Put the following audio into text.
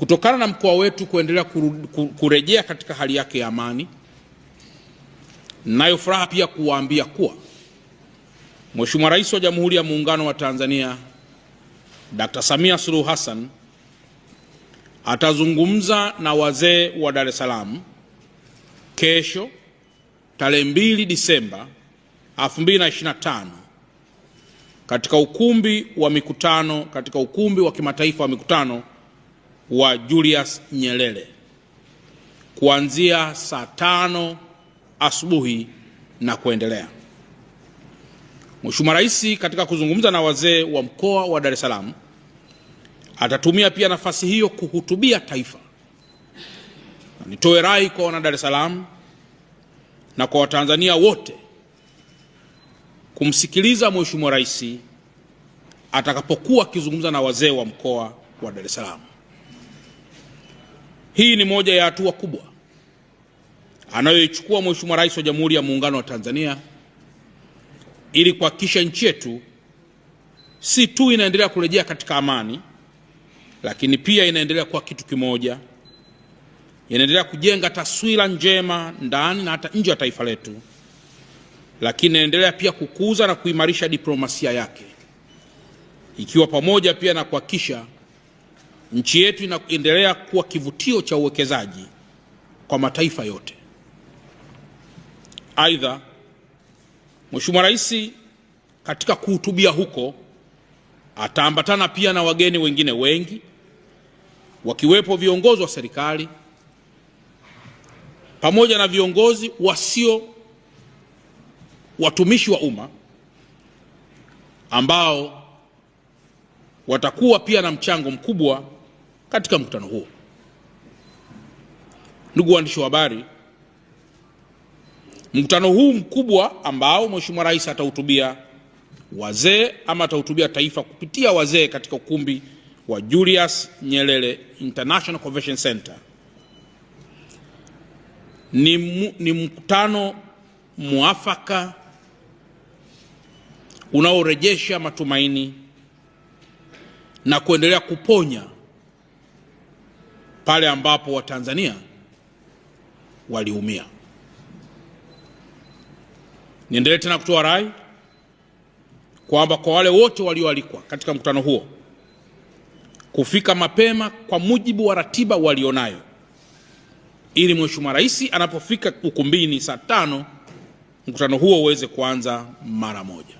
kutokana na mkoa wetu kuendelea kurejea katika hali yake ya amani. Nayo furaha pia kuwaambia kuwa Mheshimiwa Rais wa Jamhuri ya Muungano wa Tanzania Dr. Samia Suluhu Hassan atazungumza na wazee wa Dar es Salaam kesho tarehe 2 Disemba 2025 katika ukumbi wa mikutano katika ukumbi wa kimataifa wa mikutano wa Julius Nyerere kuanzia saa tano asubuhi na kuendelea. Mheshimiwa Rais katika kuzungumza na wazee wa mkoa wa Dar es Salaam atatumia pia nafasi hiyo kuhutubia taifa. Nitoe rai kwa wana Dar es Salaam na kwa Watanzania wote kumsikiliza Mheshimiwa Rais atakapokuwa akizungumza na wazee wa mkoa wa Dar es Salaam. Hii ni moja ya hatua kubwa anayoichukua Mheshimiwa Rais wa Jamhuri ya Muungano wa Tanzania ili kuhakikisha nchi yetu si tu inaendelea kurejea katika amani, lakini pia inaendelea kuwa kitu kimoja, inaendelea kujenga taswira njema ndani na hata nje ya taifa letu, lakini inaendelea pia kukuza na kuimarisha diplomasia yake, ikiwa pamoja pia na kuhakikisha Nchi yetu inaendelea kuwa kivutio cha uwekezaji kwa mataifa yote. Aidha, Mheshimiwa Rais katika kuhutubia huko ataambatana pia na wageni wengine wengi wakiwepo viongozi wa serikali pamoja na viongozi wasio watumishi wa umma ambao watakuwa pia na mchango mkubwa katika mkutano huo. Ndugu waandishi wa habari, mkutano huu mkubwa ambao Mheshimiwa Rais atahutubia wazee ama atahutubia taifa kupitia wazee katika ukumbi wa Julius Nyerere International Convention Center ni, mu, ni mkutano mwafaka unaorejesha matumaini na kuendelea kuponya pale ambapo Watanzania waliumia. Niendelee tena kutoa rai kwamba kwa wale wote walioalikwa katika mkutano huo kufika mapema kwa mujibu wa ratiba walionayo, ili Mheshimiwa Rais anapofika ukumbini saa tano mkutano huo uweze kuanza mara moja.